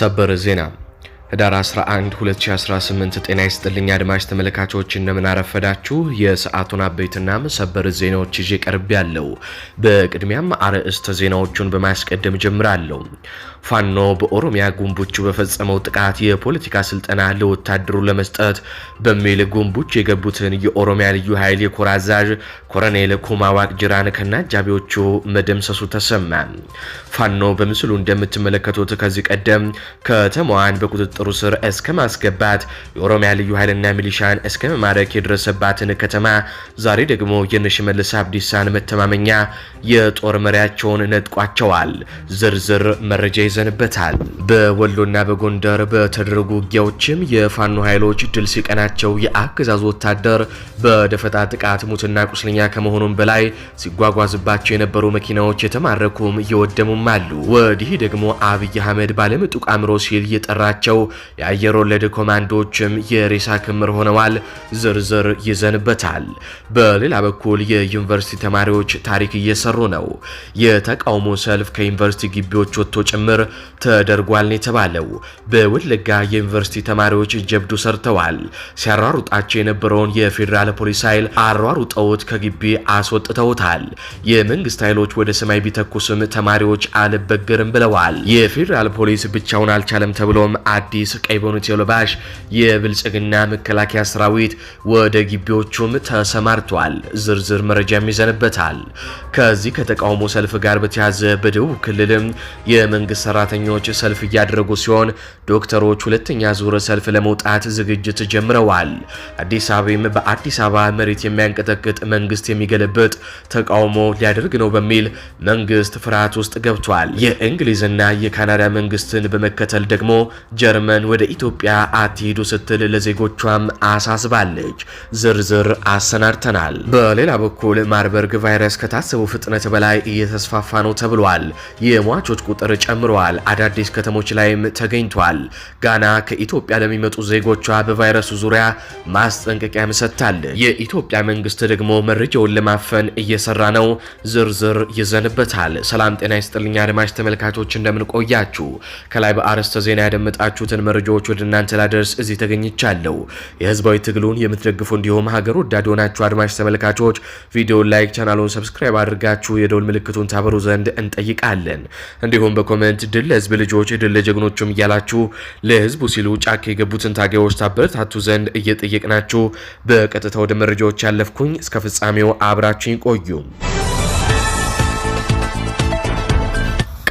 ሰበር ዜና ህዳር 11 2018 ጤና ይስጥልኝ አድማጭ ተመልካቾች እንደምን አረፈዳችሁ። የሰዓቱን አበይትና ሰበር ዜናዎች ይዤ ቀርብ ያለው። በቅድሚያም አርዕስተ ዜናዎቹን በማስቀደም ጀምራለሁ። ፋኖ በኦሮሚያ ጉንቦቹ በፈጸመው ጥቃት የፖለቲካ ስልጠና ለወታደሩ ለመስጠት በሚል ጉንቦች የገቡትን የኦሮሚያ ልዩ ኃይል የኮር አዛዥ ኮሎኔል ኩማ ዋቅጅራን ከነአጃቢዎቹ መደምሰሱ ተሰማ። ፋኖ በምስሉ እንደምትመለከቱት ከዚህ ቀደም ከተማዋን በቁጥጥር በቁጥጥሩ ስር እስከ ማስገባት የኦሮሚያ ልዩ ኃይልና ሚሊሻን እስከ መማረክ የደረሰባትን ከተማ ዛሬ ደግሞ የሽመልስ አብዲሳን መተማመኛ የጦር መሪያቸውን ነጥቋቸዋል። ዝርዝር መረጃ ይዘንበታል። በወሎና በጎንደር በተደረጉ ውጊያዎችም የፋኖ ኃይሎች ድል ሲቀናቸው የአገዛዙ ወታደር በደፈጣ ጥቃት ሙትና ቁስለኛ ከመሆኑም በላይ ሲጓጓዝባቸው የነበሩ መኪናዎች የተማረኩም እየወደሙም አሉ። ወዲህ ደግሞ አብይ አህመድ ባለምጡቅ አእምሮ ሲል የጠራቸው የአየር ወለድ ኮማንዶዎችም የሬሳ ክምር ሆነዋል። ዝርዝር ይዘንበታል። በሌላ በኩል የዩኒቨርሲቲ ተማሪዎች ታሪክ እየሰሩ ነው። የተቃውሞ ሰልፍ ከዩኒቨርሲቲ ግቢዎች ወጥቶ ጭምር ተደርጓል ነው የተባለው። በወለጋ የዩኒቨርሲቲ ተማሪዎች ጀብዱ ሰርተዋል። ሲያራሩጣቸው የነበረውን የፌዴራል ፖሊስ ኃይል አሯሩጠውት ከግቢ አስወጥተውታል። የመንግስት ኃይሎች ወደ ሰማይ ቢተኩስም ተማሪዎች አልበገርም ብለዋል። የፌዴራል ፖሊስ ብቻውን አልቻለም ተብሎም አዲስ አዲስ ቀይ ቦኑት የለባሽ የብልጽግና መከላከያ ሰራዊት ወደ ግቢዎቹም ተሰማርቷል። ዝርዝር መረጃም ይዘንበታል። ከዚህ ከተቃውሞ ሰልፍ ጋር በተያዘ በደቡብ ክልልም የመንግስት ሰራተኞች ሰልፍ እያደረጉ ሲሆን ዶክተሮች ሁለተኛ ዙር ሰልፍ ለመውጣት ዝግጅት ጀምረዋል። አዲስ አበባም በአዲስ አበባ መሬት የሚያንቀጠቅጥ መንግስት የሚገለብጥ ተቃውሞ ሊያደርግ ነው በሚል መንግስት ፍርሃት ውስጥ ገብቷል። የእንግሊዝና የካናዳ መንግስትን በመከተል ደግሞ ጀርመን ጀርመን ወደ ኢትዮጵያ አትሄዱ ስትል ለዜጎቿም አሳስባለች። ዝርዝር አሰናድተናል። በሌላ በኩል ማርበርግ ቫይረስ ከታሰበው ፍጥነት በላይ እየተስፋፋ ነው ተብሏል። የሟቾች ቁጥር ጨምረዋል። አዳዲስ ከተሞች ላይም ተገኝቷል። ጋና ከኢትዮጵያ ለሚመጡ ዜጎቿ በቫይረሱ ዙሪያ ማስጠንቀቂያም ሰጥታለች። የኢትዮጵያ መንግስት ደግሞ መረጃውን ለማፈን እየሰራ ነው። ዝርዝር ይዘንበታል። ሰላም ጤና ይስጥልኛ አድማጭ ተመልካቾች እንደምንቆያችሁ ከላይ በአርዕስተ ዜና ያደመጣችሁትን ያሏቸውን መረጃዎች ወደ እናንተ ላደርስ እዚህ ተገኝቻለሁ። የህዝባዊ ትግሉን የምትደግፉ እንዲሁም ሀገር ወዳድ የሆናችሁ አድማጭ ተመልካቾች ቪዲዮን ላይክ፣ ቻናሉን ሰብስክራይብ አድርጋችሁ የደውል ምልክቱን ታበሩ ዘንድ እንጠይቃለን። እንዲሁም በኮመንት ድል ለህዝብ ልጆች፣ ድል ለጀግኖቹም እያላችሁ ለህዝቡ ሲሉ ጫካ የገቡትን ታጋዮች ታበረታቱ ዘንድ እየጠየቅናችሁ በቀጥታ ወደ መረጃዎች ያለፍኩኝ እስከ ፍጻሜው አብራችኝ ቆዩ።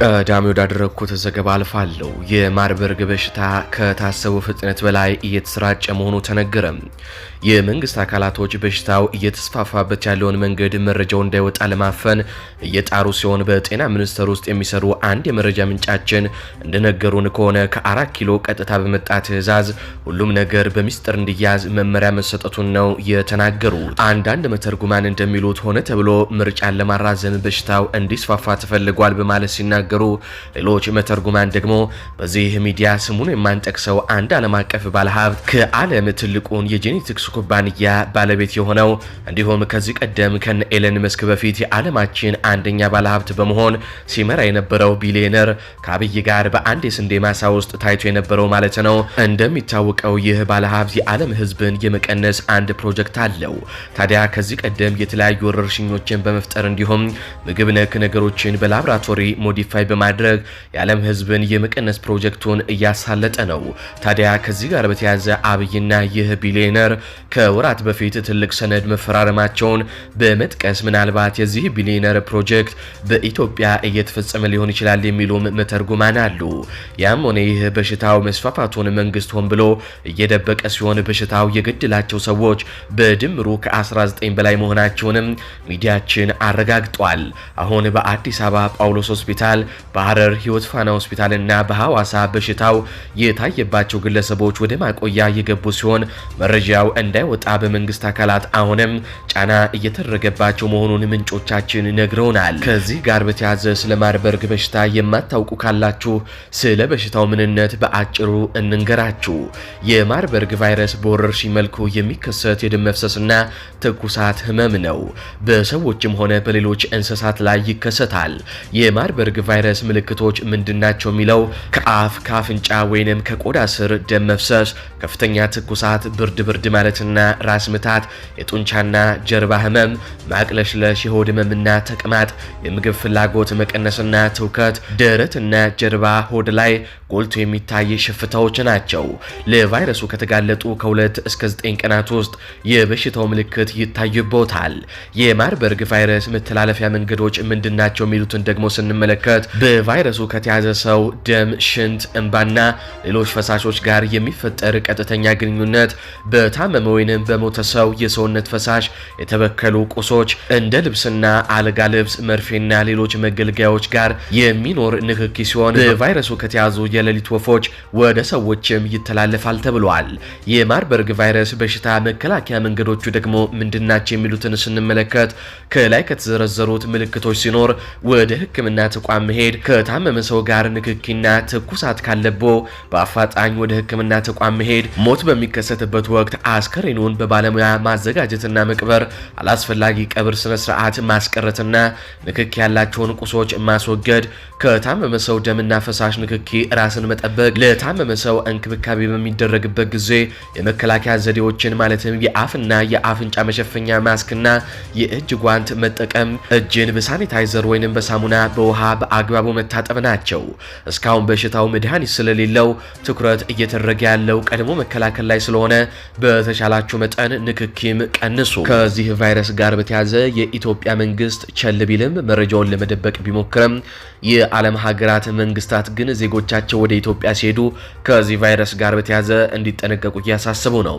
ቀዳሚ ወዳደረግኩት ዘገባ አልፋለሁ። የማርበርግ በሽታ ከታሰቡ ፍጥነት በላይ እየተሰራጨ መሆኑ ተነገረ። የመንግስት አካላቶች በሽታው እየተስፋፋበት ያለውን መንገድ መረጃው እንዳይወጣ ለማፈን እየጣሩ ሲሆን በጤና ሚኒስቴር ውስጥ የሚሰሩ አንድ የመረጃ ምንጫችን እንደነገሩን ከሆነ ከአራት ኪሎ ቀጥታ በመጣ ትዕዛዝ ሁሉም ነገር በሚስጥር እንዲያዝ መመሪያ መሰጠቱን ነው የተናገሩት። አንዳንድ መተርጉማን እንደሚሉት ሆነ ተብሎ ምርጫን ለማራዘም በሽታው እንዲስፋፋ ተፈልጓል በማለት ሲናገሩ ሲናገሩ፣ ሌሎች መተርጉማን ደግሞ በዚህ ሚዲያ ስሙን የማንጠቅሰው አንድ ዓለም አቀፍ ባለሀብት ከዓለም ትልቁን የጄኔቲክስ ኩባንያ ባለቤት የሆነው እንዲሁም ከዚህ ቀደም ከነ ኤለን መስክ በፊት የዓለማችን አንደኛ ባለሀብት በመሆን ሲመራ የነበረው ቢሊዮነር ከአብይ ጋር በአንድ የስንዴ ማሳ ውስጥ ታይቶ የነበረው ማለት ነው። እንደሚታወቀው ይህ ባለሀብት የዓለም ህዝብን የመቀነስ አንድ ፕሮጀክት አለው። ታዲያ ከዚህ ቀደም የተለያዩ ወረርሽኞችን በመፍጠር እንዲሁም ምግብ ነክ ነገሮችን በላብራቶሪ ሞዲፋይ ተካፋይ በማድረግ የዓለም ህዝብን የመቀነስ ፕሮጀክቱን እያሳለጠ ነው። ታዲያ ከዚህ ጋር በተያያዘ አብይና ይህ ቢሊዮነር ከወራት በፊት ትልቅ ሰነድ መፈራረማቸውን በመጥቀስ ምናልባት የዚህ ቢሊዮነር ፕሮጀክት በኢትዮጵያ እየተፈጸመ ሊሆን ይችላል የሚሉም መተርጉማን አሉ። ያም ሆነ ይህ በሽታው መስፋፋቱን መንግስት ሆን ብሎ እየደበቀ ሲሆን በሽታው የገደላቸው ሰዎች በድምሩ ከ19 በላይ መሆናቸውንም ሚዲያችን አረጋግጧል። አሁን በአዲስ አበባ ጳውሎስ ሆስፒታል በሐረር ህይወት ፋና ሆስፒታልና በሐዋሳ በሽታው የታየባቸው ግለሰቦች ወደ ማቆያ የገቡ ሲሆን መረጃው እንዳይወጣ በመንግስት አካላት አሁንም ጫና እየተደረገባቸው መሆኑን ምንጮቻችን ነግረውናል። ከዚህ ጋር በተያያዘ ስለ ማርበርግ በሽታ የማታውቁ ካላችሁ ስለ በሽታው ምንነት በአጭሩ እንንገራችሁ። የማርበርግ ቫይረስ በወረርሽኝ መልኩ የሚከሰት የደም መፍሰስና ትኩሳት ህመም ነው። በሰዎችም ሆነ በሌሎች እንስሳት ላይ ይከሰታል። የማርበርግ ቫይረስ ቫይረስ ምልክቶች ምንድናቸው የሚለው ከአፍ ከአፍንጫ ወይንም ከቆዳ ስር ደም መፍሰስ፣ ከፍተኛ ትኩሳት፣ ብርድ ብርድ ማለትና ራስ ምታት፣ የጡንቻና ጀርባ ህመም፣ ማቅለሽለሽ፣ የሆድ ህመምና ተቅማጥ፣ የምግብ ፍላጎት መቀነስና ትውከት፣ ደረትና ጀርባ ሆድ ላይ ጎልቶ የሚታይ ሽፍታዎች ናቸው። ለቫይረሱ ከተጋለጡ ከሁለት እስከ 9 ቀናት ውስጥ የበሽታው ምልክት ይታይቦታል። የማርበርግ ቫይረስ መተላለፊያ መንገዶች ናቸው የሚሉትን ደግሞ ስንመለከት በቫይረሱ ከተያዘ ሰው ደም፣ ሽንት፣ እንባና ሌሎች ፈሳሾች ጋር የሚፈጠር ቀጥተኛ ግንኙነት በታመመ ወይንም በሞተ ሰው የሰውነት ፈሳሽ የተበከሉ ቁሶች እንደ ልብስና አልጋ ልብስ፣ መርፌና ሌሎች መገልገያዎች ጋር የሚኖር ንክኪ ሲሆን በቫይረሱ ከተያዙ የሌሊት ወፎች ወደ ሰዎችም ይተላለፋል ተብሏል። የማርበርግ ቫይረስ በሽታ መከላከያ መንገዶቹ ደግሞ ምንድናቸው የሚሉትን ስንመለከት ከላይ ከተዘረዘሩት ምልክቶች ሲኖር ወደ ሕክምና ተቋም በመሄድ ከታመመ ሰው ጋር ንክኪና ትኩሳት ካለቦ በአፋጣኝ ወደ ሕክምና ተቋም መሄድ፣ ሞት በሚከሰትበት ወቅት አስከሬኑን በባለሙያ ማዘጋጀትና መቅበር፣ አላስፈላጊ ቀብር ስነስርዓት ማስቀረትና ንክኪ ያላቸውን ቁሶች ማስወገድ ከታመመ ሰው ደምና ፈሳሽ ንክኪ ራስን መጠበቅ፣ ለታመመ ሰው እንክብካቤ በሚደረግበት ጊዜ የመከላከያ ዘዴዎችን ማለትም የአፍና የአፍንጫ መሸፈኛ ማስክና የእጅ ጓንት መጠቀም፣ እጅን በሳኒታይዘር ወይንም በሳሙና በውሃ በአግባቡ መታጠብ ናቸው። እስካሁን በሽታው መድኃኒት ስለሌለው ትኩረት እየተደረገ ያለው ቀድሞ መከላከል ላይ ስለሆነ በተሻላችሁ መጠን ንክኪም ቀንሱ። ከዚህ ቫይረስ ጋር በተያዘ የኢትዮጵያ መንግስት ቸል ቢልም መረጃውን ለመደበቅ ቢሞክርም የዓለም ሀገራት መንግስታት ግን ዜጎቻቸው ወደ ኢትዮጵያ ሲሄዱ ከዚህ ቫይረስ ጋር በተያዘ እንዲጠነቀቁ እያሳሰቡ ነው።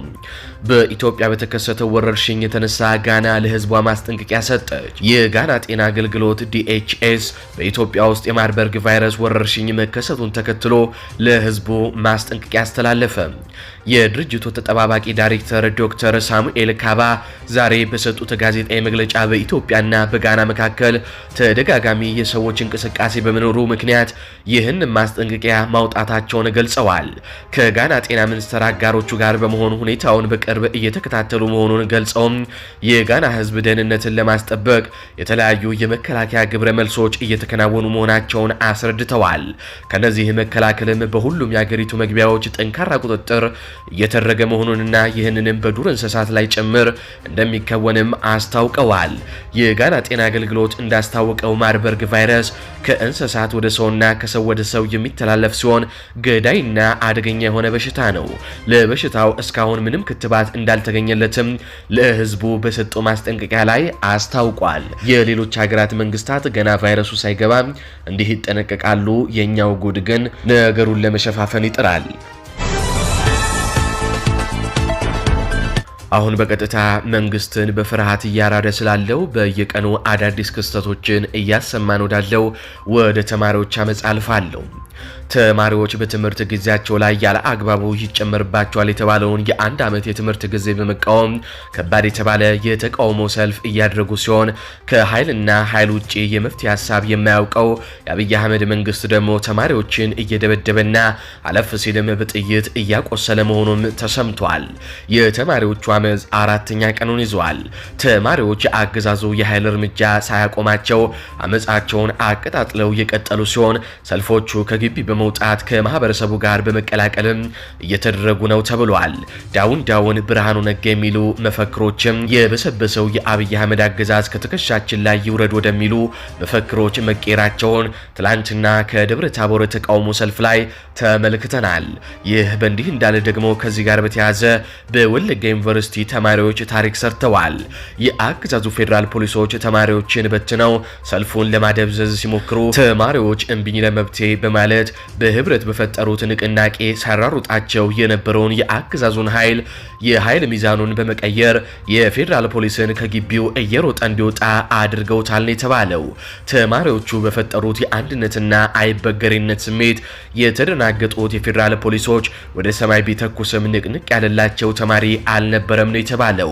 በኢትዮጵያ በተከሰተው ወረርሽኝ የተነሳ ጋና ለህዝቧ ማስጠንቀቂያ ሰጠች። የጋና ጤና አገልግሎት ዲኤችኤስ በኢትዮጵያ ውስጥ የማርበርግ ቫይረስ ወረርሽኝ መከሰቱን ተከትሎ ለህዝቡ ማስጠንቀቂያ አስተላለፈ። የድርጅቱ ተጠባባቂ ዳይሬክተር ዶክተር ሳሙኤል ካባ ዛሬ በሰጡት ጋዜጣዊ መግለጫ በኢትዮጵያና በጋና መካከል ተደጋጋሚ የሰዎች እንቅስቃሴ በመኖሩ ምክንያት ይህን ማስጠንቀቂያ ማውጣታቸውን ገልጸዋል። ከጋና ጤና ሚኒስቴር አጋሮቹ ጋር በመሆኑ ሁኔታውን በቅርብ እየተከታተሉ መሆኑን ገልጸውም የጋና ሕዝብ ደህንነትን ለማስጠበቅ የተለያዩ የመከላከያ ግብረ መልሶች እየተከናወኑ መሆናቸውን አስረድተዋል። ከነዚህ መከላከልም በሁሉም የአገሪቱ መግቢያዎች ጠንካራ ቁጥጥር እየተረገ መሆኑንና ይህንንም በዱር እንስሳት ላይ ጭምር እንደሚከወንም አስታውቀዋል። የጋና ጤና አገልግሎት እንዳስታወቀው ማርበርግ ቫይረስ ከእንስሳት ወደ ሰውና ከሰው ወደ ሰው የሚተላለፍ ሲሆን ገዳይና አደገኛ የሆነ በሽታ ነው። ለበሽታው እስካሁን ምንም ክትባት እንዳልተገኘለትም ለህዝቡ በሰጠው ማስጠንቀቂያ ላይ አስታውቋል። የሌሎች ሀገራት መንግስታት ገና ቫይረሱ ሳይገባ እንዲህ ይጠነቀቃሉ። የእኛው ጉድ ግን ነገሩን ለመሸፋፈን ይጥራል። አሁን በቀጥታ መንግስትን በፍርሃት እያራደ ስላለው በየቀኑ አዳዲስ ክስተቶችን እያሰማን ወዳለው ወደ ተማሪዎች አመፅ አልፋለሁ። ተማሪዎች በትምህርት ጊዜያቸው ላይ ያለ አግባቡ ይጨመርባቸዋል የተባለውን የአንድ ዓመት የትምህርት ጊዜ በመቃወም ከባድ የተባለ የተቃውሞ ሰልፍ እያደረጉ ሲሆን ከኃይልና ኃይል ውጭ የመፍትሄ ሀሳብ የማያውቀው የአብይ አህመድ መንግስት ደግሞ ተማሪዎችን እየደበደበና አለፍ ሲልም በጥይት እያቆሰለ መሆኑም ተሰምቷል። የተማሪዎቹ አመፅ አራተኛ ቀኑን ይዘዋል። ተማሪዎች የአገዛዙ የኃይል እርምጃ ሳያቆማቸው አመፃቸውን አቀጣጥለው እየቀጠሉ ሲሆን ሰልፎቹ ከግቢ በመ በመውጣት ከማህበረሰቡ ጋር በመቀላቀልም እየተደረጉ ነው ተብሏል። ዳውን ዳውን ብርሃኑ ነጋ የሚሉ መፈክሮችም የበሰበሰው የአብይ አህመድ አገዛዝ ከትከሻችን ላይ ይውረድ ወደሚሉ መፈክሮች መቀየራቸውን ትላንትና ከደብረ ታቦር ተቃውሞ ሰልፍ ላይ ተመልክተናል። ይህ በእንዲህ እንዳለ ደግሞ ከዚህ ጋር በተያያዘ በወለጋ ዩኒቨርሲቲ ተማሪዎች ታሪክ ሰርተዋል። የአገዛዙ ፌዴራል ፖሊሶች ተማሪዎችን በትነው ሰልፉን ለማደብዘዝ ሲሞክሩ ተማሪዎች እምቢኝ ለመብቴ በማለት በህብረት በፈጠሩት ንቅናቄ ሳራሩጣቸው የነበረውን የአገዛዙን ኃይል የኃይል ሚዛኑን በመቀየር የፌዴራል ፖሊስን ከግቢው እየሮጠ እንዲወጣ አድርገውታል ነው የተባለው። ተማሪዎቹ በፈጠሩት የአንድነትና አይበገሬነት ስሜት የተደናገጡት የፌዴራል ፖሊሶች ወደ ሰማይ ቢተኩስም ንቅንቅ ያለላቸው ተማሪ አልነበረም ነው የተባለው።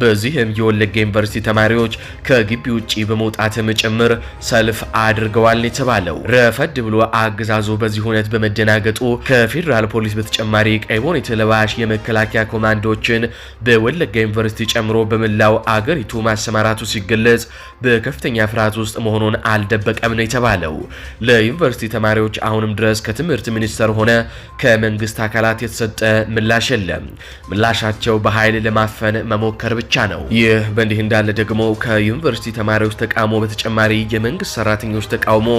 በዚህም የወለጋ ዩኒቨርሲቲ ተማሪዎች ከግቢ ውጭ በመውጣትም ጭምር ሰልፍ አድርገዋል ነው የተባለው። ረፈድ ብሎ አገዛዙ በዚህ ሁነት በመደናገጡ ከፌዴራል ፖሊስ በተጨማሪ ቀይ ቦኔት ለባሽ የመከላከያ ኮማንዶዎችን በወለጋ ዩኒቨርሲቲ ጨምሮ በመላው አገሪቱ ማሰማራቱ ሲገለጽ በከፍተኛ ፍርሃት ውስጥ መሆኑን አልደበቀም ነው የተባለው። ለዩኒቨርሲቲ ተማሪዎች አሁንም ድረስ ከትምህርት ሚኒስቴር ሆነ ከመንግስት አካላት የተሰጠ ምላሽ የለም። ምላሻቸው በኃይል ለማፈን መሞከር ብቻ ነው። ይህ በእንዲህ እንዳለ ደግሞ ከዩኒቨርሲቲ ተማሪዎች ተቃውሞ በተጨማሪ የመንግስት ሰራተኞች ተቃውሞ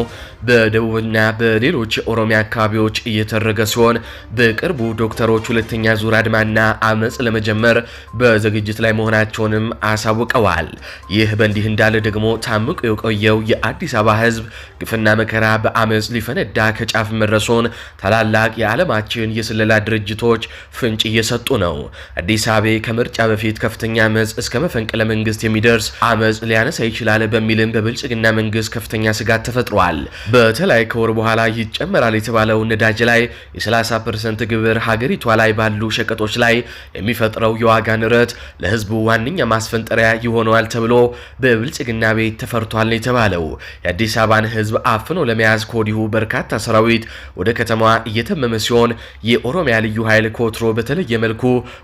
በደቡብና በሌሎች ኦሮሚያ አካባቢዎች እየተደረገ ሲሆን በቅርቡ ዶክተሮች ሁለተኛ ዙር አድማና አመፅ ለመጀመር በዝግጅት ላይ መሆናቸውንም አሳውቀዋል። ይህ በእንዲህ እንዳለ ደግሞ ታምቆ የቆየው የአዲስ አበባ ህዝብ ግፍና መከራ በአመፅ ሊፈነዳ ከጫፍ መድረሱን ታላላቅ የዓለማችን የስለላ ድርጅቶች ፍንጭ እየሰጡ ነው። አዲስ አበባ ከምርጫ በፊት ከፍተኛ አመፅ እስከ መፈንቅለ መንግስት የሚደርስ አመፅ ሊያነሳ ይችላል በሚልም በብልጽግና መንግስት ከፍተኛ ስጋት ተፈጥሯል። በተለይ ከወር በኋላ ይጨመራል ይቀንሳል የተባለው ነዳጅ ላይ የ30 ፐርሰንት ግብር ሀገሪቷ ላይ ባሉ ሸቀጦች ላይ የሚፈጥረው የዋጋ ንረት ለህዝቡ ዋነኛ ማስፈንጠሪያ ይሆነዋል ተብሎ በብልጽግና ቤት ተፈርቷል ነው የተባለው። የአዲስ አበባን ህዝብ አፍኖ ለመያዝ ከወዲሁ በርካታ ሰራዊት ወደ ከተማዋ እየተመመ ሲሆን የኦሮሚያ ልዩ ኃይል ከወትሮ በተለየ መልኩ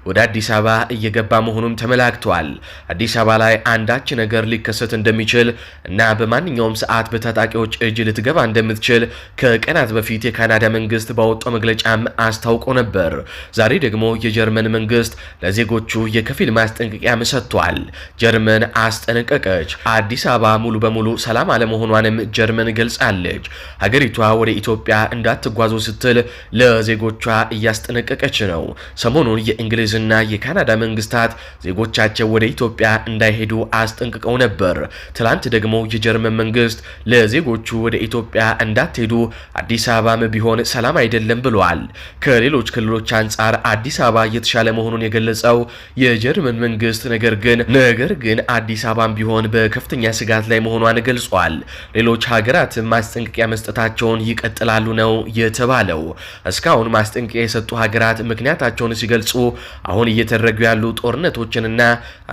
ወደ አዲስ አበባ እየገባ መሆኑም ተመላክቷል። አዲስ አበባ ላይ አንዳች ነገር ሊከሰት እንደሚችል እና በማንኛውም ሰዓት በታጣቂዎች እጅ ልትገባ እንደምትችል ከቀናት በፊት በፊት የካናዳ መንግስት ባወጣው መግለጫም አስታውቆ ነበር። ዛሬ ደግሞ የጀርመን መንግስት ለዜጎቹ የከፊል ማስጠንቀቂያም ሰጥቷል። ጀርመን አስጠነቀቀች። አዲስ አበባ ሙሉ በሙሉ ሰላም አለመሆኗንም ጀርመን ገልጻለች። ሀገሪቷ ወደ ኢትዮጵያ እንዳትጓዙ ስትል ለዜጎቿ እያስጠነቀቀች ነው። ሰሞኑን የእንግሊዝና የካናዳ መንግስታት ዜጎቻቸው ወደ ኢትዮጵያ እንዳይሄዱ አስጠንቅቀው ነበር። ትላንት ደግሞ የጀርመን መንግስት ለዜጎቹ ወደ ኢትዮጵያ እንዳትሄዱ አዲስ አበባ አበባም ቢሆን ሰላም አይደለም ብለዋል። ከሌሎች ክልሎች አንጻር አዲስ አበባ እየተሻለ መሆኑን የገለጸው የጀርመን መንግስት ነገር ግን ነገር ግን አዲስ አበባም ቢሆን በከፍተኛ ስጋት ላይ መሆኗን ገልጿል። ሌሎች ሀገራትም ማስጠንቀቂያ መስጠታቸውን ይቀጥላሉ ነው የተባለው። እስካሁን ማስጠንቀቂያ የሰጡ ሀገራት ምክንያታቸውን ሲገልጹ አሁን እየተደረጉ ያሉ ጦርነቶችንና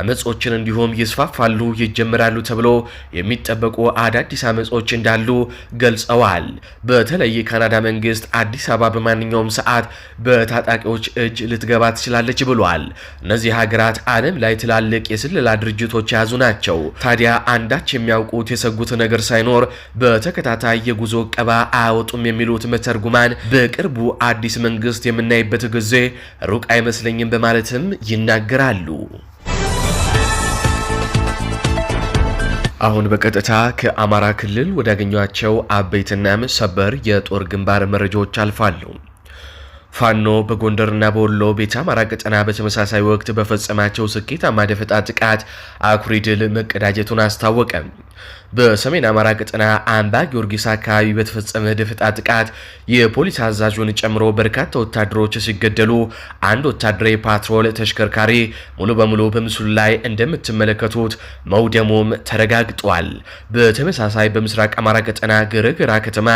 አመጾችን እንዲሁም ይስፋፋሉ፣ ይጀምራሉ ተብሎ የሚጠበቁ አዳዲስ አመጾች እንዳሉ ገልጸዋል። በተለይ የካናዳ መንግስት አዲስ አበባ በማንኛውም ሰዓት በታጣቂዎች እጅ ልትገባ ትችላለች ብሏል። እነዚህ ሀገራት ዓለም ላይ ትላልቅ የስለላ ድርጅቶች የያዙ ናቸው። ታዲያ አንዳች የሚያውቁት የሰጉት ነገር ሳይኖር በተከታታይ የጉዞ እቀባ አያወጡም የሚሉት መተርጉማን በቅርቡ አዲስ መንግስት የምናይበት ጊዜ ሩቅ አይመስለኝም በማለትም ይናገራሉ። አሁን በቀጥታ ከአማራ ክልል ወዳገኟቸው አበይትና ሰበር የጦር ግንባር መረጃዎች አልፋሉ። ፋኖ በጎንደርና በወሎ ቤተ አማራ ቀጠና በተመሳሳይ ወቅት በፈጸማቸው ስኬታማ ደፈጣ ጥቃት አኩሪ ድል መቀዳጀቱን አስታወቀ። በሰሜን አማራ ቀጠና አምባ ጊዮርጊስ አካባቢ በተፈጸመ ደፈጣ ጥቃት የፖሊስ አዛዡን ጨምሮ በርካታ ወታደሮች ሲገደሉ አንድ ወታደራዊ ፓትሮል ተሽከርካሪ ሙሉ በሙሉ በምስሉ ላይ እንደምትመለከቱት መውደሙም ተረጋግጧል። በተመሳሳይ በምስራቅ አማራ ቀጠና ግርግራ ከተማ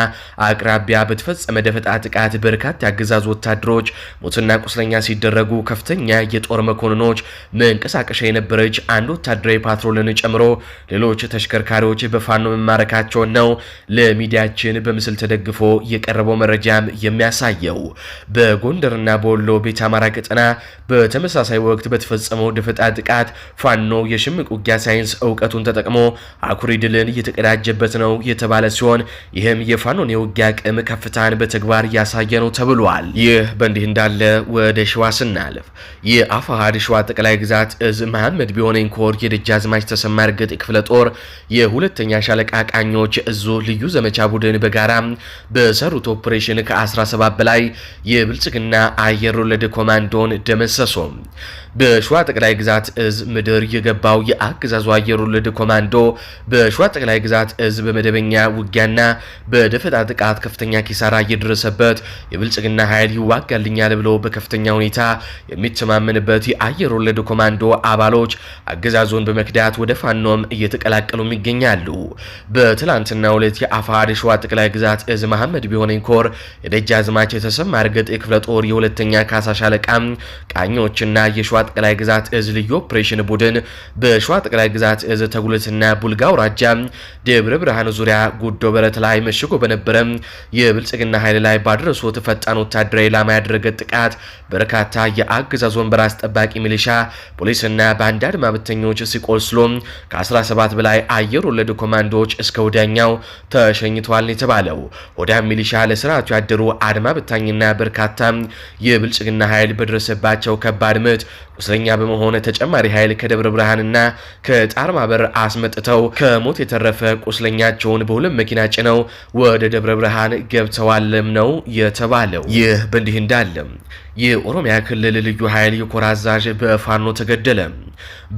አቅራቢያ በተፈጸመ ደፈጣ ጥቃት በርካታ የአገዛዙ ወታደሮች ሞትና ቁስለኛ ሲደረጉ ከፍተኛ የጦር መኮንኖች መንቀሳቀሻ የነበረች አንድ ወታደራዊ ፓትሮልን ጨምሮ ሌሎች ተሽከርካሪ ተሽከርካሪዎች በፋኖ መማረካቸውን ነው ለሚዲያችን በምስል ተደግፎ የቀረበው መረጃም የሚያሳየው። በጎንደርና በወሎ ቤት አማራ ቀጠና በተመሳሳይ ወቅት በተፈጸመው ደፈጣ ጥቃት ፋኖ የሽምቅ ውጊያ ሳይንስ እውቀቱን ተጠቅሞ አኩሪ ድልን እየተቀዳጀበት ነው የተባለ ሲሆን ይህም የፋኖን የውጊያ አቅም ከፍታን በተግባር እያሳየ ነው ተብሏል። ይህ በእንዲህ እንዳለ ወደ ሸዋ ስናልፍ የአፋሃድ ሸዋ ጠቅላይ ግዛት እዝ መሐመድ ቢሆነኝ ኮር የደጃዝማች ተሰማ እርግጥ ክፍለ ጦር የሁለተኛ ሻለቃ ቃኞች እዙ ልዩ ዘመቻ ቡድን በጋራ በሰሩት ኦፕሬሽን ከ17 በላይ የብልጽግና አየር ወለድ ኮማንዶን ደመሰሱ። በሸዋ ጠቅላይ ግዛት እዝ ምድር የገባው የአገዛዙ አየር ወለድ ኮማንዶ በሸዋ ጠቅላይ ግዛት እዝ በመደበኛ ውጊያና በደፈጣ ጥቃት ከፍተኛ ኪሳራ እየደረሰበት የብልጽግና ኃይል ይዋጋልኛል ብሎ በከፍተኛ ሁኔታ የሚተማመንበት የአየር ወለድ ኮማንዶ አባሎች አገዛዙን በመክዳት ወደ ፋኖም እየተቀላቀሉም ይገኛሉ። በትላንትና ሁለት የአፋድ ሸዋ ጠቅላይ ግዛት እዝ መሐመድ ቢሆነኝ ኮር የደጃዝማች የተሰማ እርግጥ የክፍለ ጦር የሁለተኛ ካሳ ሻለቃ ቃኞችና የሸዋ ጠቅላይ ግዛት እዝ ልዩ ኦፕሬሽን ቡድን በሸዋ ጠቅላይ ግዛት እዝ ተጉልትና ቡልጋ አውራጃ ደብረ ብርሃን ዙሪያ ጉዶ በረት ላይ መሽጎ በነበረ የብልጽግና ኃይል ላይ ባደረሱት ፈጣን ወታደራዊ ላማ ያደረገ ጥቃት በርካታ የአገዛዝ ወንበር አስጠባቂ ሚሊሻ፣ ፖሊስና ባንዳ አድማ ብተኞች ሲቆስሉ ከ17 በላይ አየር ወለድ ኮማንዶዎች እስከ ወዲያኛው ተሸኝተዋል የተባለው ሆዳም ሚሊሻ ለስርዓቱ ያደሩ አድማ ብታኝና በርካታ የብልጽግና ኃይል በደረሰባቸው ከባድ ምት ቁስለኛ በመሆን ተጨማሪ ኃይል ከደብረ ብርሃንና ከጣርማበር አስመጥተው ከሞት የተረፈ ቁስለኛቸውን በሁለት መኪና ጭነው ወደ ደብረ ብርሃን ገብተዋልም ነው የተባለው። ይህ በእንዲህ እንዳለም የኦሮሚያ ክልል ልዩ ኃይል የኮር አዛዥ በፋኖ ተገደለ።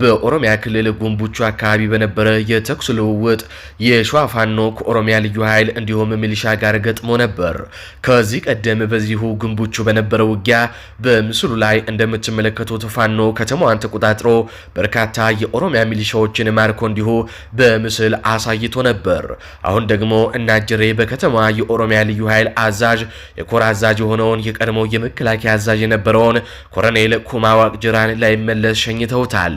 በኦሮሚያ ክልል ጉንቡቹ አካባቢ በነበረ የተኩስ ልውውጥ የሸዋ ፋኖ ከኦሮሚያ ልዩ ኃይል እንዲሁም ሚሊሻ ጋር ገጥሞ ነበር። ከዚህ ቀደም በዚሁ ግንቡቹ በነበረ ውጊያ በምስሉ ላይ እንደምትመለከቱት ፋኖ ከተማዋን ተቆጣጥሮ በርካታ የኦሮሚያ ሚሊሻዎችን ማርኮ እንዲሁ በምስል አሳይቶ ነበር። አሁን ደግሞ እናጅሬ በከተማ የኦሮሚያ ልዩ ኃይል አዛዥ የኮር አዛዥ የሆነውን የቀድሞ የመከላከያ አዛዥ የነበረውን ኮረኔል ኩማ ዋቅጅራን ላይመለስ ሸኝተውታል።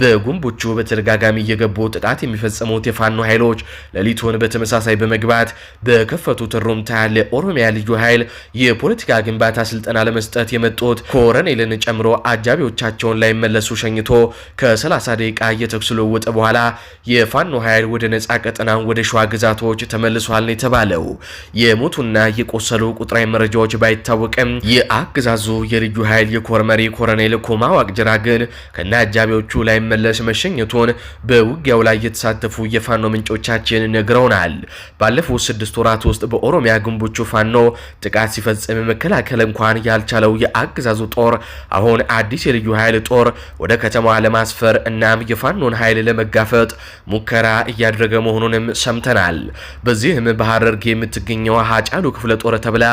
በጉንቦቹ በተደጋጋሚ እየገቡ ጥቃት የሚፈጽሙት የፋኖ ኃይሎች ሌሊቱን በተመሳሳይ በመግባት በከፈቱት ሩምታ ለኦሮሚያ ልዩ ኃይል የፖለቲካ ግንባታ ስልጠና ለመስጠት የመጡት ኮረኔልን ጨምሮ አጃቢዎቻቸውን ላይመለሱ ሸኝቶ ከ30 ደቂቃ የተኩስ ልውውጥ በኋላ የፋኖ ኃይል ወደ ነጻ ቀጠና ወደ ሸዋ ግዛቶች ተመልሷል ነው የተባለው። የሞቱና የቆሰሉ ቁጥራዊ መረጃዎች ባይታወቅም የአገዛዙ የእዙ የልዩ ኃይል የኮር መሪ ኮሎኔል ኩማ ዋቅጅራ ግን ከነ አጃቢዎቹ ላይመለስ መሸኘቱን በውጊያው ላይ የተሳተፉ የፋኖ ምንጮቻችን ነግረውናል። ባለፉት ስድስት ወራት ውስጥ በኦሮሚያ ግንቦቹ ፋኖ ጥቃት ሲፈጽም መከላከል እንኳን ያልቻለው የአገዛዙ ጦር አሁን አዲስ የልዩ ኃይል ጦር ወደ ከተማዋ ለማስፈር እናም የፋኖን ኃይል ለመጋፈጥ ሙከራ እያደረገ መሆኑንም ሰምተናል። በዚህም በሐረርጌ የምትገኘው ሀጫሉ ክፍለ ጦር ተብላ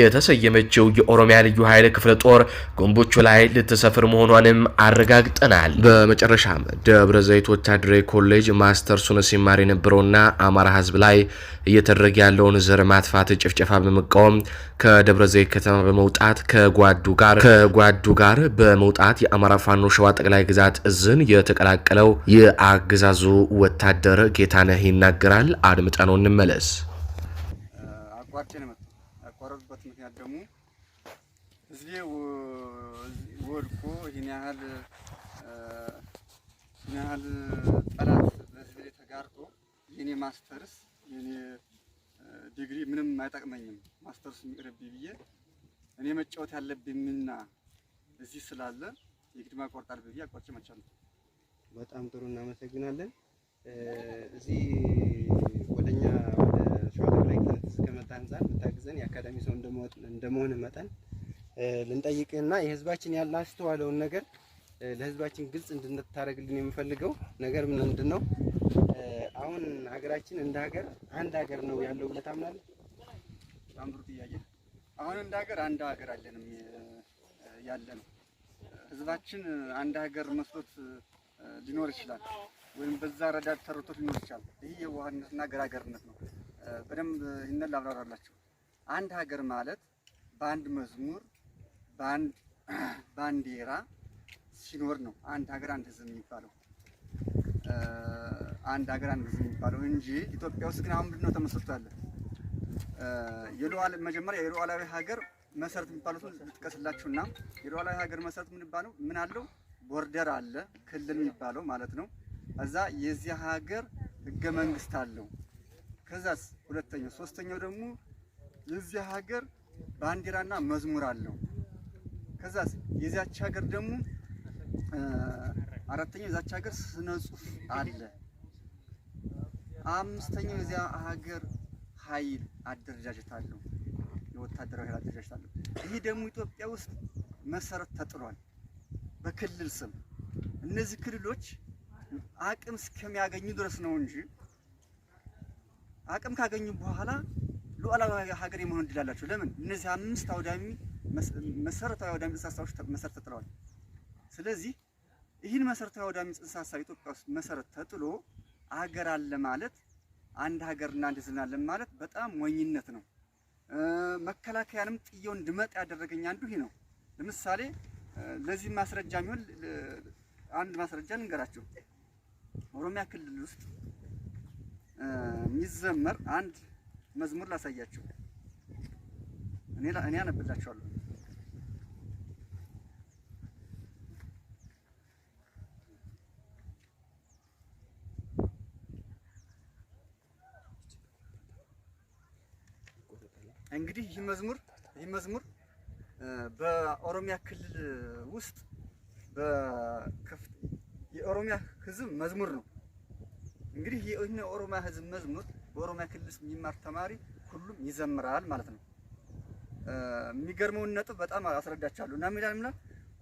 የተሰየመችው የኦሮሚያ ልዩ ኃይል ክፍለ ጦር ግንቦቹ ላይ ልትሰፍር መሆኗንም አረጋግጠናል። በመጨረሻም ደብረ ዘይት ወታደራዊ ኮሌጅ ማስተርሱን ሲማር የነበረውና አማራ ህዝብ ላይ እየተደረገ ያለውን ዘር ማጥፋት ጭፍጨፋ በመቃወም ከደብረ ዘይት ከተማ በመውጣት ከጓዱ ጋር ከጓዱ ጋር በመውጣት የአማራ ፋኖ ሸዋ ጠቅላይ ግዛት እዝን የተቀላቀለው የአገዛዙ ወታደር ጌታነህ ይናገራል። አድምጠነው እንመለስ። ያህል ያህል ጠላት በዚህ ላይ ተጋርጦ የኔ ማስተርስ የኔ ዲግሪ ምንም አይጠቅመኝም ማስተርስ የሚቅርብኝ ብዬ እኔ መጫወት ያለብኝና እዚህ ስላለ የግድ ማቋርጣል ብዬ አቋርጬ መቻለሁ። በጣም ጥሩ እናመሰግናለን። እዚህ ወደኛ ወደ ሸዋ ጠቅላይ ግዛት እስከመጣን ብታግዘን የአካዳሚ ሰው እንደመሆን መጠን ልንጠይቅህና የህዝባችን ያላስተዋለውን ነገር ለህዝባችን ግልጽ እንድታደርግልን የምፈልገው ነገር ምንድን ነው? አሁን ሀገራችን እንደ ሀገር አንድ ሀገር ነው ያለው ብለህ ታምናለህ? በጣም ጥሩ ጥያቄ። አሁን እንደ ሀገር አንድ ሀገር አለንም ያለ ነው። ህዝባችን አንድ ሀገር መስሎት ሊኖር ይችላል፣ ወይም በዛ ረዳት ተረቶት ሊኖር ይችላል። ይህ የዋህነትና ገራገርነት ነው። በደንብ ይህንን ላብራራላችሁ። አንድ ሀገር ማለት በአንድ መዝሙር በአንድ ባንዲራ ሲኖር ነው አንድ ሀገር አንድ ህዝብ የሚባለው አንድ ሀገር አንድ ህዝብ የሚባለው እንጂ ኢትዮጵያ ውስጥ ግን አሁን ምንድን ነው ተመስርቷል። የሉዓል መጀመሪያ የሉዓላዊ ሀገር መሰረት የሚባሉት ልጥቀስላችሁና የሉዓላዊ ሀገር መሰረት ምን ይባለው ምን አለው? ቦርደር አለ ክልል የሚባለው ማለት ነው። እዛ የዚያ ሀገር ህገ መንግስት አለው። ከዛስ ሁለተኛው ሶስተኛው ደግሞ የዚያ ሀገር ባንዲራና መዝሙር አለው። ከዛ የዚያች ሀገር ደግሞ አራተኛው የዚያች ሀገር ስነ ጽሁፍ አለ። አምስተኛው የዚያ ሀገር ኃይል አደረጃጀት አለው፣ የወታደራዊ ኃይል አደረጃጀት አለው። ይህ ደግሞ ኢትዮጵያ ውስጥ መሰረት ተጥሏል በክልል ስም። እነዚህ ክልሎች አቅም እስከሚያገኙ ድረስ ነው እንጂ አቅም ካገኙ በኋላ ሉዓላዊ ሀገር የመሆን እድል አላቸው። ለምን እነዚህ አምስት አውዳሚ መሰረታዊ አውዳሚ ጽንሰ ሀሳቦች መሰረት ተጥለዋል። ስለዚህ ይህን መሰረታዊ አውዳሚ ጽንሰ ሀሳብ ኢትዮጵያ ውስጥ መሰረት ተጥሎ አገር አለ ማለት አንድ ሀገር እና አንድ ዝና አለ ማለት በጣም ሞኝነት ነው። መከላከያንም ጥየው እንድመጣ ያደረገኝ አንዱ ይህ ነው። ለምሳሌ ለዚህ ማስረጃ የሚሆን አንድ ማስረጃ እንገራቸው። ኦሮሚያ ክልል ውስጥ የሚዘመር አንድ መዝሙር ላሳያችሁ። እኔ እኔ አነብላችኋለሁ። እንግዲህ ይህ መዝሙር ይህ መዝሙር በኦሮሚያ ክልል ውስጥ የኦሮሚያ ሕዝብ መዝሙር ነው። እንግዲህ የኦሮሚያ ሕዝብ መዝሙር በኦሮሚያ ክልል ውስጥ የሚማር ተማሪ ሁሉም ይዘምራል ማለት ነው። የሚገርመውን ነጥብ በጣም አስረዳቻለሁ እና ምን ይላል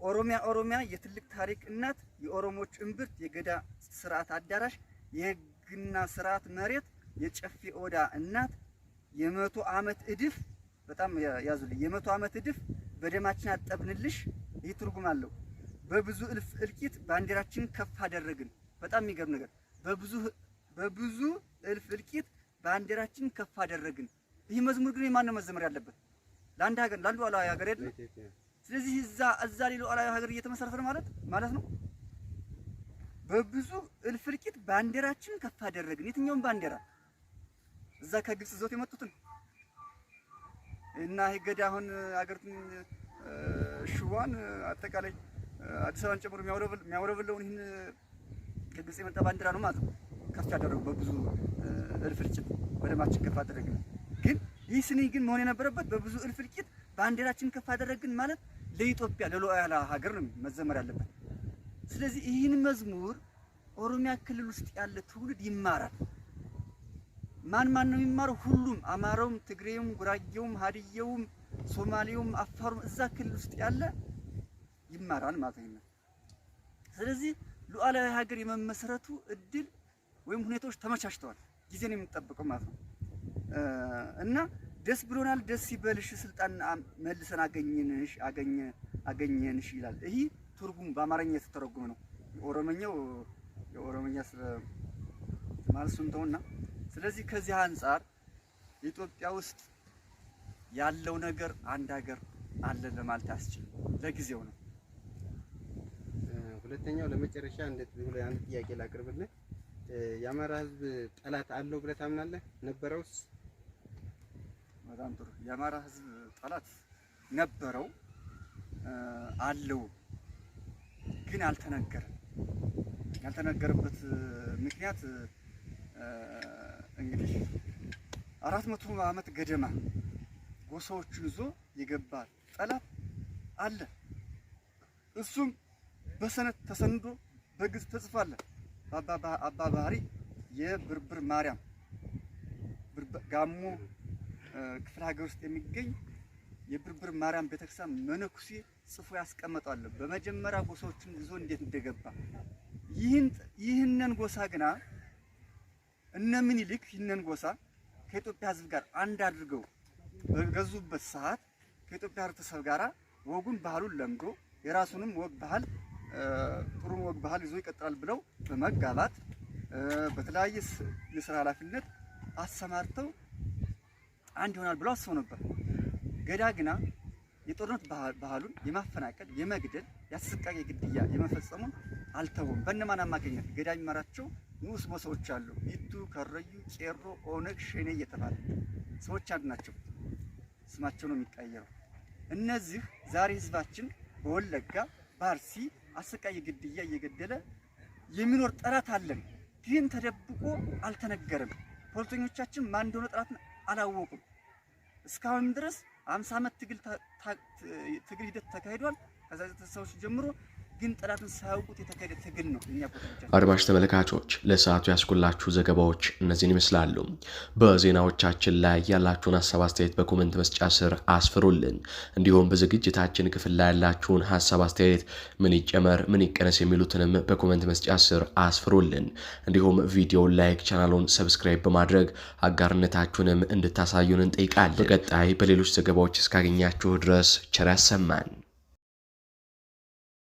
ኦሮሚያ ኦሮሚያ የትልቅ ታሪክ እናት የኦሮሞች እምብርት የገዳ ስርዓት አዳራሽ የህግና ስርዓት መሬት የጨፌ ኦዳ እናት የመቶ ዓመት እድፍ በጣም ያዙልኝ የመቶ ዓመት እድፍ በደማችን አጠብንልሽ ይህ ትርጉም አለው በብዙ እልፍ እልቂት ባንዲራችን ከፍ አደረግን በጣም የሚገርም ነገር በብዙ በብዙ እልፍ እልቂት ባንዲራችን ከፍ አደረግን ይህ መዝሙር ግን የማን ነው መዘመር ያለበት ለአንድ ሀገር ለአንድ ሉዓላዊ ሀገር የለም። ስለዚህ እዛ እዛ ሉዓላዊ ሀገር እየተመሰረተ ነው ማለት ማለት ነው። በብዙ እልፍ ባንዲራችን ባንዲራችንን ከፍ አደረግን። የትኛውም ባንዲራ እዛ ከግብጽ ዞት የመጡትን እና ይገዳ አሁን ሀገርቱን ሽዋን አጠቃላይ አዲስ አበባን ጨምሮ የሚያውለበለውን ይህን ከግብጽ የመጣ ባንዲራ ነው ማለት ነው። ከፍ ያደረጉ በብዙ እልፍ በደማችን ከፍ አደረግን ግን ይህ ስኒ ግን መሆን የነበረበት በብዙ እልፍ እልቂት ባንዲራችን ከፍ አደረግን ማለት ለኢትዮጵያ ለሉዓላ ሀገር ነው መዘመር ያለበት። ስለዚህ ይህን መዝሙር ኦሮሚያ ክልል ውስጥ ያለ ትውልድ ይማራል። ማን ማን ነው የሚማረው? ሁሉም አማራውም፣ ትግሬውም፣ ጉራጌውም፣ ሀዲየውም፣ ሶማሌውም፣ አፋሩም እዛ ክልል ውስጥ ያለ ይማራል ማለት ነው። ስለዚህ ሉዓላዊ ሀገር የመመሰረቱ እድል ወይም ሁኔታዎች ተመቻችተዋል። ጊዜ ነው የምንጠብቀው ማለት ነው። እና ደስ ብሎናል፣ ደስ ይበልሽ፣ ስልጣን መልሰን አገኘንሽ አገኘንሽ ይላል። ይህ ትርጉም በአማርኛ የተተረጉመ ነው። ኦሮመኛው የኦሮመኛ ስለ ማልሱን ተውና፣ ስለዚህ ከዚህ አንጻር ኢትዮጵያ ውስጥ ያለው ነገር አንድ ሀገር አለ ለማለት አያስችልም። ለጊዜው ነው። ሁለተኛው ለመጨረሻ እንዴት ብሎ አንድ ጥያቄ ላቅርብልህ። የአማራ ህዝብ ጠላት አለው ብለህ ታምናለህ? ነበረውስ? በጣም ጥሩ። የአማራ ህዝብ ጠላት ነበረው አለው፣ ግን አልተነገረም። ያልተነገረበት ምክንያት እንግዲህ አራት መቶ ዓመት ገደማ ጎሳዎቹን ይዞ የገባ ጠላት አለ። እሱም በሰነድ ተሰንዶ በግዝ ተጽፏል። አባ ባህሪ የብርብር ማርያም ጋሞ ክፍለ ሀገር ውስጥ የሚገኝ የብርብር ማርያም ቤተክርስቲያን መነኩሴ ጽፎ ያስቀመጧል። በመጀመሪያ ጎሳዎችን ይዞ እንዴት እንደገባ ይህንን ጎሳ ግና እነ ምኒልክ ይህንን ጎሳ ከኢትዮጵያ ሕዝብ ጋር አንድ አድርገው በገዙበት ሰዓት ከኢትዮጵያ ህብረተሰብ ጋር ወጉን ባህሉን ለምዶ የራሱንም ወግ ባህል ጥሩን ወግ ባህል ይዞ ይቀጥላል ብለው በመጋባት በተለያየ የስራ ኃላፊነት አሰማርተው አንድ ይሆናል ብሎ አስቦ ነበር። ገዳ ግና የጦርነት ባህሉን የማፈናቀል፣ የመግደል፣ የአሰቃቂ ግድያ የመፈጸሙን አልተውም በእነማን አማካኝነት? ገዳ የሚመራቸው ንዑስ ሰዎች አሉ። ይቱ ከረዩ፣ ቄሮ፣ ኦነግ፣ ሸኔ እየተባለ ሰዎች አንድ ናቸው። ስማቸው ነው የሚቀየረው። እነዚህ ዛሬ ህዝባችን በወለጋ ባርሲ አሰቃቂ ግድያ እየገደለ የሚኖር ጠላት አለን። ግን ተደብቆ አልተነገረም። ፖለቲከኞቻችን ማን እንደሆነ አላወቁም። እስካሁን ድረስ 50 ዓመት ትግል ትግል ሂደት ተካሂዷል። ከዛ ሰዎች ጀምሮ ግን ሳያውቁት የተካሄደ ትግል ነው። ተመልካቾች ለሰዓቱ ያስኩላችሁ ዘገባዎች እነዚህን ይመስላሉ። በዜናዎቻችን ላይ ያላችሁን ሀሳብ አስተያየት በኮመንት መስጫ ስር አስፍሩልን። እንዲሁም በዝግጅታችን ክፍል ላይ ያላችሁን ሀሳብ አስተያየት ምን ይጨመር፣ ምን ይቀነስ የሚሉትንም በኮመንት መስጫ ስር አስፍሩልን። እንዲሁም ቪዲዮን ላይክ፣ ቻናሉን ሰብስክራይብ በማድረግ አጋርነታችሁንም እንድታሳዩን እንጠይቃለን። በቀጣይ በሌሎች ዘገባዎች እስካገኛችሁ ድረስ ቸር ያሰማን።